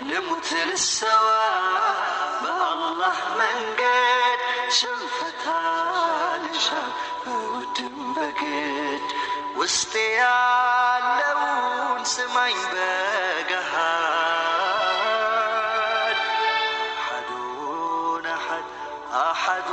لمت للسواب الله من قد شفتها لشاف ودم بقيت وسطي يعلون سمعي بقهاد حدون أحد أحد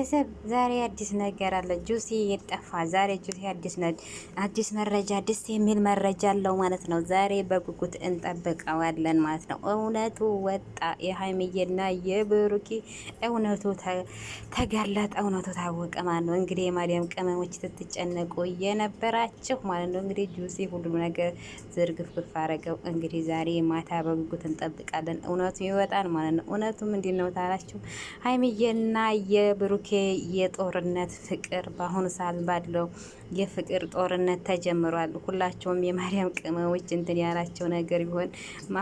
ቤተሰብ ዛሬ አዲስ ነገር አለ። ጁሲ የጠፋ ዛሬ ጁሲ አዲስ አዲስ መረጃ ደስ የሚል መረጃ አለው ማለት ነው። ዛሬ በጉጉት እንጠብቀዋለን ማለት ነው። እውነቱ ወጣ። የሀይሚዬና የብሩኪ እውነቱ ተጋለጠ። እውነቱ ታወቀ ማለት ነው። እንግዲህ የማርያም ቅመሞች ስትጨነቁ የነበራችሁ ማለት ነው። እንግዲህ ጁሲ ሁሉም ነገር ዝርግፍግፍ አረገው። እንግዲህ ዛሬ ማታ በጉጉት እንጠብቃለን። እውነቱ ይወጣል ማለት ነው። እውነቱም እንዲህ ነው ታላችሁ ሀይሚዬና የብሩኬ የጦርነት ፍቅር በአሁኑ ሰዓት ባለው የፍቅር ጦርነት ተጀምሯል። ሁላቸውም የማርያም ቅመሞች እንትን ያላቸው ነገር ቢሆን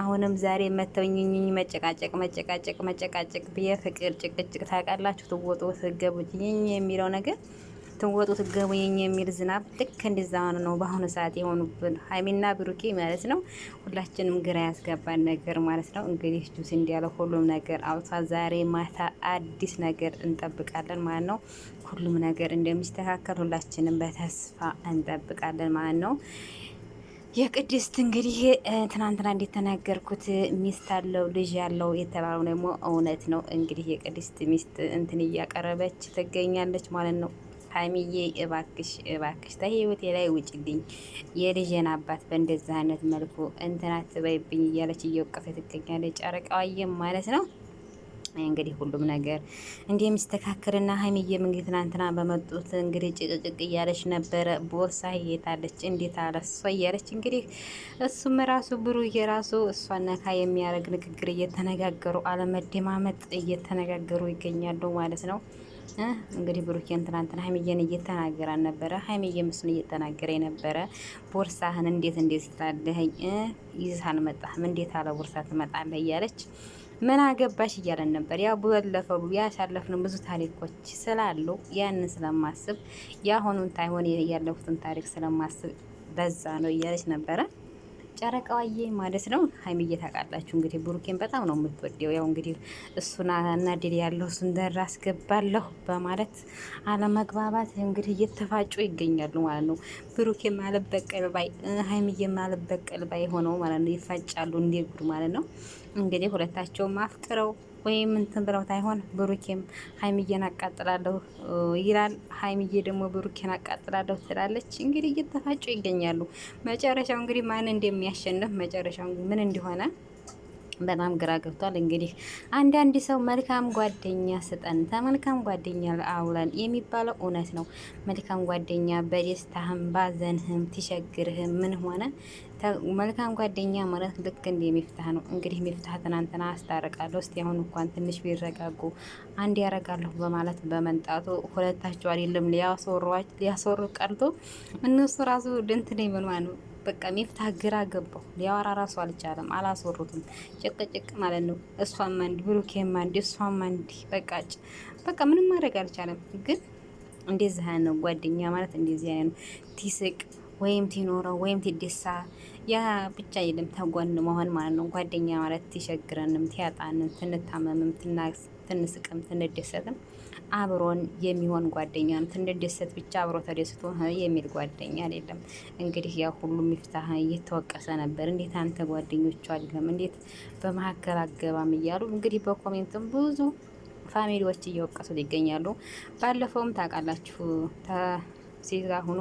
አሁንም ዛሬ መተውኝኝኝ መጨቃጨቅ መጨቃጨቅ መጨቃጨቅ ብየ ፍቅር ጭቅጭቅ ታውቃላችሁ ትወጡ ትገቡ የሚለው ነገር ትንወጡ ትገቡኝ የሚል ዝናብ ልክ እንደዛ ነው በአሁኑ ሰዓት የሆኑብን ሀይሚና ብሩኬ ማለት ነው። ሁላችንም ግራ ያስገባን ነገር ማለት ነው። እንግዲህ ጁስ እንዲያለ ሁሉም ነገር አውታ ዛሬ ማታ አዲስ ነገር እንጠብቃለን ማለት ነው። ሁሉም ነገር እንደሚስተካከል ሁላችንም በተስፋ እንጠብቃለን ማለት ነው። የቅድስት እንግዲህ ትናንትና እንደተናገርኩት ሚስት አለው ልጅ ያለው የተባለው ደግሞ እውነት ነው። እንግዲህ የቅድስት ሚስት እንትን እያቀረበች ትገኛለች ማለት ነው። ሀይሚዬ እባክሽ እባክሽ ተህይወቴ ላይ ውጭልኝ የልጄን አባት በእንደዚህ አይነት መልኩ እንትና ትበይብኝ እያለች እየወቀሰ ትገኛለች። ጨረቃዋየም ማለት ነው እንግዲህ ሁሉም ነገር እንደሚስተካከልና ሀይሚዬም እንግዲህ ትናንትና በመጡት እንግዲህ ጭቅጭቅ እያለች ነበረ። ቦርሳ የታለች እንዴት አለሷ እያለች እንግዲህ እሱም ራሱ ብሩ የራሱ እሷን ነካ የሚያደርግ ንግግር እየተነጋገሩ አለመደማመጥ እየተነጋገሩ ይገኛሉ ማለት ነው። እንግዲህ ብሩኬን ትናንትና ሀይሚዬን እየተናገረ ነበረ። ሀይሚዬም እሱን እየተናገረ ነበረ። ቦርሳህን እንዴት እንዴት ትላለህኝ ይዘህ አልመጣህም፣ እንዴት አለ ቦርሳ ትመጣለህ እያለች ምን አገባሽ እያለን ነበር። ያ በለፈው ያሳለፍነው ብዙ ታሪኮች ስላሉ ያንን ስለማስብ ያሁኑን ታይሆን ያለፉትን ታሪክ ስለማስብ በዛ ነው እያለች ነበረ። ጨረቃዋዬ ማለት ነው። ሀይሚዬ ታውቃላችሁ እንግዲህ ብሩኬን በጣም ነው የምትወደው። ያው እንግዲህ እሱን አናድድ ያለው እሱን ደራ አስገባለሁ በማለት አለመግባባት እንግዲህ እየተፋጩ ይገኛሉ ማለት ነው። ብሩኬ ማለበቀል ባይ ሀይሚዬ ማለበቀል ባይ ሆነው ማለት ነው ይፋጫሉ እንደ ጉድ ማለት ነው። እንግዲህ ሁለታቸውም አፍቅረው ወይም እንትን ብለውት አይሆን ብሩኬም ሀይሚዬን አቃጥላለሁ ይላል። ሀይሚዬ ደግሞ ብሩኬን አቃጥላለሁ ትላለች። እንግዲህ እየተፋጩ ይገኛሉ። መጨረሻው እንግዲህ ማን እንደሚያሸንፍ መጨረሻው ምን እንደሆነ? በጣም ግራ ገብቷል። እንግዲህ አንዳንድ ሰው መልካም ጓደኛ ስጠን ተመልካም ጓደኛ አውለን የሚባለው እውነት ነው። መልካም ጓደኛ በደስታህም ባዘንህም ትሸግርህም ምን ሆነ መልካም ጓደኛ ማለት ልክ እንደ የሚፍታህ ነው። እንግዲህ የሚፍታህ ትናንትና አስታርቃለሁ እስቲ አሁን እንኳን ትንሽ ቢረጋጉ አንድ ያረጋለሁ በማለት በመንጣቱ ሁለታቸው አይደለም ሊያስወሩ ቀርቶ እነሱ ራሱ ድንትን ድንት ነው በቃ ሚፍታ ግራ ገባው። ሊያወራ ራሱ አልቻለም። አላስወሩትም። ጭቅጭቅ ማለት ነው። እሷም አንድ ብሩኬም አንድ እሷም አንድ በቃጭ በቃ ምንም ማድረግ አልቻለም። ግን እንደዚህ አይነት ነው ጓደኛ ማለት እንደዚህ አይነት ነው። ቲስቅ ወይም ቲኖረው ወይም ቲደሳ ያ ብቻ የለም ተጎን መሆን ማለት ነው። ጓደኛ ማለት ትሸግረንም፣ ትያጣንም፣ ትንታመምም፣ ትንስቅም፣ ትንደሰትም አብሮን የሚሆን ጓደኛ ነው። እንድንደሰት ብቻ አብሮ ተደስቶ የሚል ጓደኛ አይደለም። እንግዲህ ያ ሁሉ ይፍታህ እየተወቀሰ ነበር። እንዴት አንተ ጓደኞቹ አይደለም እንዴት በመሀከል አገባም እያሉ እንግዲህ በኮሜንትም ብዙ ፋሚሊዎች እየወቀሱት ይገኛሉ። ባለፈውም ታውቃላችሁ ሴት ጋር ሆኖ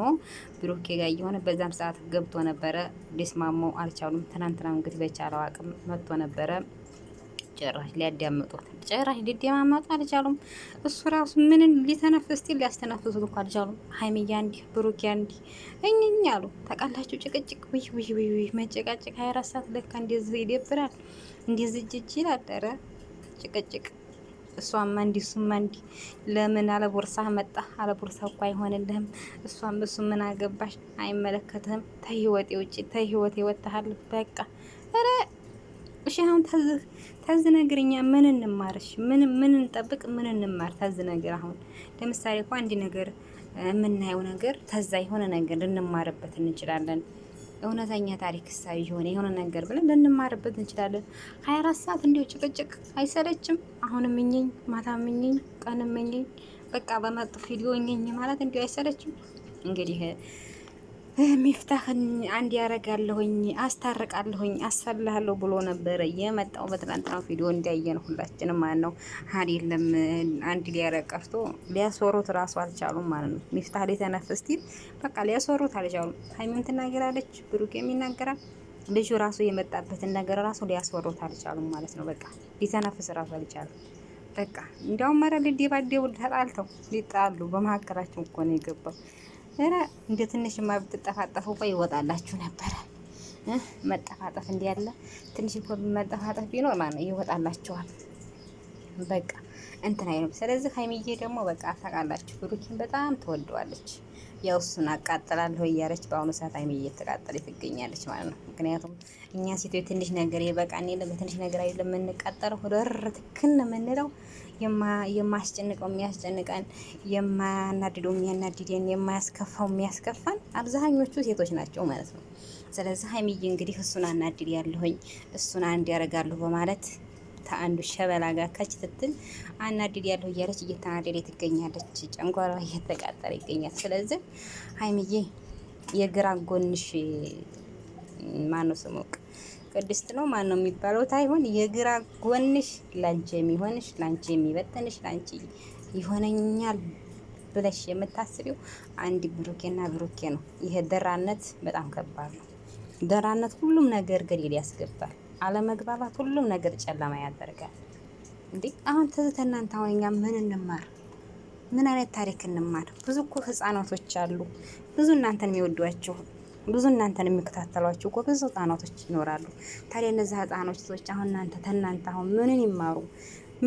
ብሩኬ ጋር እየሆነ በዛም ሰዓት ገብቶ ነበረ። ሊስማማው አልቻሉም። ትናንትና እንግዲህ በቻለው አቅም መጥቶ ነበረ። ጭራሽ ሊያዳምጡት ጭራሽ ሊደማመጡ አልቻሉም። እሱ ራሱ ምንን ሊተነፍስ ሊያስተነፍሱት እኮ አልቻሉም። ሀይሚያ እንዲህ ብሩኪያ እንዲህ እኝኝ አሉ። ታውቃላችሁ ጭቅጭቅ ውይ ውይ ውይ ውይ መጨቃጨቅ ሀያ አራት ሰዓት ልክ እንደዚህ ይደብራል፣ እንደዚህ እጅ ይላል። ጭቅጭቅ እሷም እንዲህ እሱም እንዲህ ለምን አለ ቦርሳ መጣ አለ ቦርሳ እኮ አይሆንልህም። እሷም እሱ ምን አገባሽ አይመለከትህም። ተህይወት ውጭ ተህይወት ይወጣሃል በቃ ረ እሺ አሁን ታዝ እኛ ምን እንማርሽ? ምን ምን እንጠብቅ? ምን እንማር? ታዝ ነገር አሁን ለምሳሌ እኮ አንድ ነገር የምናየው ነገር ተዛ የሆነ ነገር ልንማርበት እንችላለን። እውነተኛ ታሪክ ሳይ የሆነ የሆነ ነገር ብለን ልንማርበት እንችላለን። ሀያ አራት ሰዓት እንዲሁ ጭቅጭቅ አይሰለችም? አሁን ምኝኝ፣ ማታ ምኝኝ፣ ቀን ምኘኝ፣ በቃ በመጡ ቪዲዮ እኘኝ ማለት እንዲሁ አይሰለችም? እንግዲህ ሚፍታህን አንድ ያረጋለሁኝ አስታርቃለሁኝ አሰላለሁ ብሎ ነበረ የመጣው በትናንትናው ቪዲዮ እንዲያየን ሁላችንም ማለት ነው። አይደለም አንድ ሊያረግ ቀርቶ ሊያስወሩት ራሱ አልቻሉም ማለት ነው። ሚፍታህ ሊተነፍስ ሲል በቃ ሊያስወሩት አልቻሉም። ሀይሚም ትናገራለች፣ ብሩክ የሚናገራል ልጁ ራሱ የመጣበትን ነገር ራሱ ሊያስወሩት አልቻሉም ማለት ነው። በቃ ሊተነፍስ ራሱ አልቻሉም። በቃ እንዲያውም መረ ሊደባደቡ ተጣልተው ሊጣሉ በመካከላቸው እኮ ነው የገባው ኧረ እንደ ትንሽ ትንሽማ ብትጠፋጠፉ እኮ ይወጣላችሁ ነበረ። መጠፋጠፍ እንዲያለ ትንሽ እኮ መጠፋጠፍ ቢኖር ማለት ይወጣላችኋል በቃ እንትን አይሉም። ስለዚህ ሀይሚዬ ደግሞ በቃ ታውቃላችሁ፣ ብሩኪን በጣም ትወደዋለች። ያው እሱን አቃጥላለሁ እያለች በአሁኑ ሰዓት ሀይሚዬ እየተቃጠለች ትገኛለች ማለት ነው። ምክንያቱም እኛ ሴቶች ትንሽ ነገር የበቃን የለም በትንሽ ነገር አይደለም የምንቃጠለው፣ ወደር ትክን የምንለው የማያስጨንቀው የሚያስጨንቀን፣ የማያናድደው የሚያናድደን፣ የማያስከፋው የሚያስከፋን አብዛኞቹ ሴቶች ናቸው ማለት ነው። ስለዚህ ሀይሚዬ እንግዲህ እሱን አናድድ ያለሁኝ እሱን አንድ ያደርጋለሁ በማለት አንዱ ሸበላ ጋር ከች ትትል አናድድ ያለሁ እያለች እየተናደደ ትገኛለች። ጨንጓራ እየተቃጠለ ይገኛል። ስለዚህ ሀይምዬ የግራ ጎንሽ ማነው ስሞቅ ቅድስት ነው ማን ነው የሚባለው? ታይሆን የግራ ጎንሽ ላንቺ የሚሆንሽ ላንቺ የሚበተንሽ ላንቺ ይሆነኛል ብለሽ የምታስቢው አንድ ብሩኬና ብሩኬ ነው። ይሄ ደራነት በጣም ከባድ ነው። ደራነት ሁሉም ነገር ገደል ያስገባል። አለመግባባት፣ ሁሉም ነገር ጨለማ ያደርጋል። እንዴ አሁን ትዝተ እናንተ አሁን እኛ ምን እንማር? ምን አይነት ታሪክ እንማር? ብዙ እኮ ህጻናቶች አሉ፣ ብዙ እናንተን የሚወዷቸው፣ ብዙ እናንተን የሚከታተሏቸው እኮ ብዙ ህጻናቶች ይኖራሉ። ታዲያ እነዚህ ሰዎች አሁን እናንተ ተናንተ አሁን ምንን ይማሩ?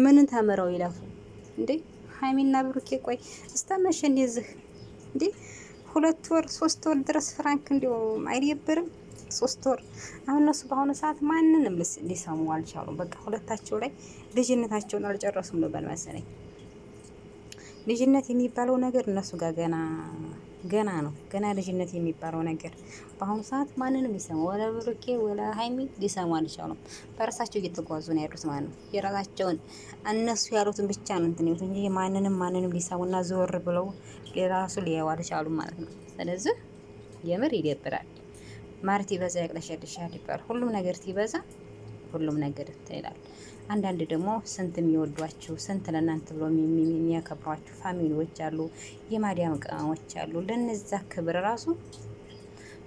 ምንን ተምረው ይለፉ? እንዴ ሀይሚና ብሩኬ ቆይ እስከመቼ እንደዚህ እንዴ ሁለት ወር ሶስት ወር ድረስ ፍራንክ እንዲሁ አይደብርም? ሶስት ወር። አሁን እነሱ በአሁኑ ሰዓት ማንንም ሊሰሙ አልቻሉም። በቃ ሁለታቸው ላይ ልጅነታቸውን አልጨረሱም ነበር መሰለኝ። ልጅነት የሚባለው ነገር እነሱ ጋር ገና ገና ነው። ገና ልጅነት የሚባለው ነገር በአሁኑ ሰዓት ማንንም ሊሰማ ወለ ብሩኬ ወለ ሀይሚ ሊሰሙ አልቻሉም። በራሳቸው እየተጓዙ ነው ያሉት ማለት ነው። የራሳቸውን እነሱ ያሉትን ብቻ ነው እንትን ይሉት እንጂ ማንንም ማንንም ሊሰሙና ዞር ብለው ሌላ ራሱ ሊያዩ አልቻሉም ማለት ነው። ስለዚህ የምር ይደብራል። ማር ይበዛ ያቅለሸልሻል ይባላል። ሁሉም ነገር ይበዛ ሁሉም ነገር ይላል። አንዳንድ ደግሞ ስንት የሚወዷችሁ ስንት ለእናንተ ብሎ የሚያከብሯችሁ ፋሚሊዎች አሉ፣ የማዳም ቅመሞች አሉ። ለነዛ ክብር ራሱ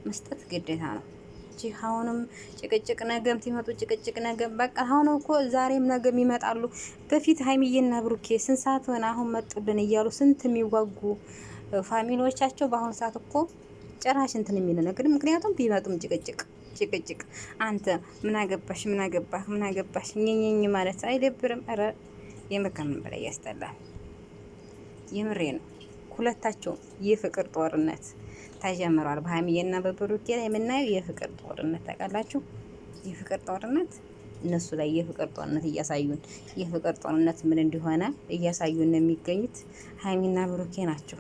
መስጠት ግዴታ ነው እንጂ አሁንም ጭቅጭቅ ነገም ሲመጡ ጭቅጭቅ ነገም በቃ አሁን እኮ ዛሬም ነገም ይመጣሉ። በፊት ሀይሚዬና ብሩኬ ስንት ሰዓት ሆነ አሁን መጡልን እያሉ ስንት የሚዋጉ ፋሚሊዎቻቸው በአሁኑ ሰዓት እኮ ጭራሽ እንትን የሚል ነገር ምክንያቱም ቢመጡም ጭቅጭቅ ጭቅጭቅ አንተ ምን አገባሽ ምን አገባህ ምን አገባሽ ኝኝኝ ማለት አይደብርም? ኧረ የምከምን በላይ ያስጠላል። የምሬ ነው። ሁለታቸውም የፍቅር ጦርነት ተጀምሯል። በሀይሚዬና በብሩኬ ላይ የምናየው የፍቅር ጦርነት ታውቃላችሁ። የፍቅር ጦርነት እነሱ ላይ የፍቅር ጦርነት እያሳዩን የፍቅር ጦርነት ምን እንደሆነ እያሳዩን የሚገኙት ሀይሚና ብሩኬ ናቸው።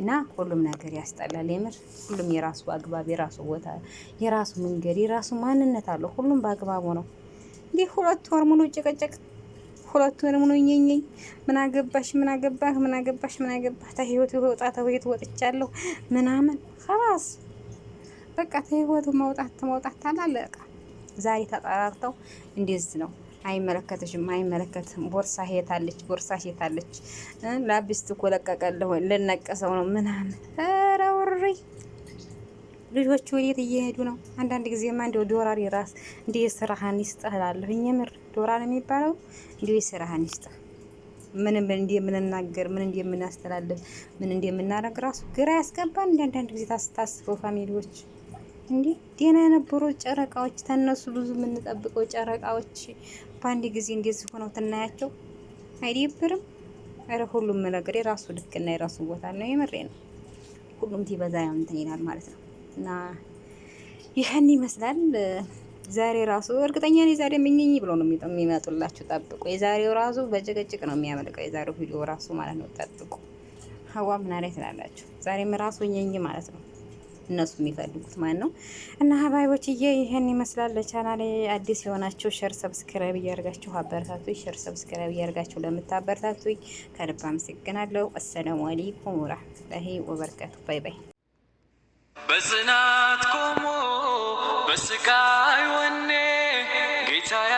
እና ሁሉም ነገር ያስጠላል። የምር ሁሉም የራሱ አግባብ፣ የራሱ ቦታ፣ የራሱ መንገድ፣ የራሱ ማንነት አለው። ሁሉም በአግባቡ ነው። እንዲህ ሁለቱ ወር ሙሉ ጭቅጭቅ፣ ሁለቱ ወር ሙሉ ኘኘኝ፣ ምን አገባሽ፣ ምን አገባህ፣ ምን አገባሽ፣ ምን አገባህ፣ ተህይወት ወጣ ተህይወት ወጥቻለሁ ምናምን ኸላስ በቃ ተህይወቱ መውጣት መውጣት ታላለቃ ዛሬ ተጠራርተው እንደዚህ ነው አይመለከትሽም፣ አይመለከትም። ቦርሳ ሄታለች፣ ቦርሳ ሄታለች። ላብስት እኮ ወይ ልነቀሰው ነው ምናምን። ኧረ ወሬ ልጆቹ ወዴት እየሄዱ ነው? አንዳንድ ጊዜማ እንዲያው ዶራር የራስ እንዲህ የስራህን ይስጥህ እላለሁ። የምር ዶላር የሚባለው እንዲሁ የስራህን ይስጥህ። ምንም እንደምንናገር ምን እንደምናስተላልፍ ምን እንደምናደርግ ራሱ ግራ ያስገባል። እንደ አንዳንድ ጊዜ ታስታስበው ፋሚሊዎች እንዲህ ጤና የነበሩ ጨረቃዎች ተነሱ ብዙ የምንጠብቀው ጨረቃዎች በአንድ ጊዜ እንደዚህ ሆነው ትናያቸው አይደብርም? ኧረ ሁሉም ነገር የራሱ ልክና የራሱ ቦታ ነው። የምሬ ነው። ሁሉም ቲበዛ ያው እንትን ይላል ማለት ነው። እና ይህን ይመስላል ዛሬ ራሱ እርግጠኛ ነኝ ዛሬ ምኝኝ ብሎ ነው የሚመጡላችሁ። ጠብቁ። የዛሬው ራሱ በጭቅጭቅ ነው የሚያመልቀው የዛሬው ቪዲዮ ራሱ ማለት ነው። ጠብቁ። ሀዋ ምን አለ ትላላችሁ? ዛሬም ራሱ እኝኝ ማለት ነው። እነሱ የሚፈልጉት ማለት ነው። እና ሀባይቦች ሀባይቦችዬ ይህን ይመስላል። ለቻናል አዲስ የሆናችሁ ሸር፣ ሰብስክራይብ እያደርጋችሁ አበረታቱ። ሸር፣ ሰብስክራይብ እያደርጋችሁ ለምታበረታቱ ከልብ አመሰግናለሁ። አሰላሙ አለይኩም ወራህመቱላሂ ወበረካቱ። ባይ ባይ። በጽናት ቆሞ በስቃይ ወኔ ጌታያ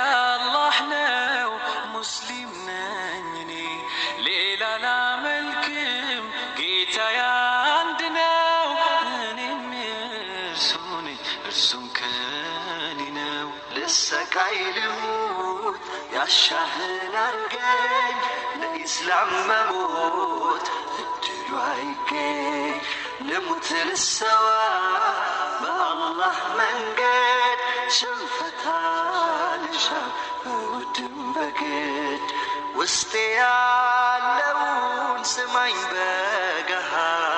السكاي لهوت يا الشهن ارجين لإسلام مموت نموت للسوا بالله منقيد شلفتها لشام ودم بقيت وسطي ያለውን ስማኝ በገሃ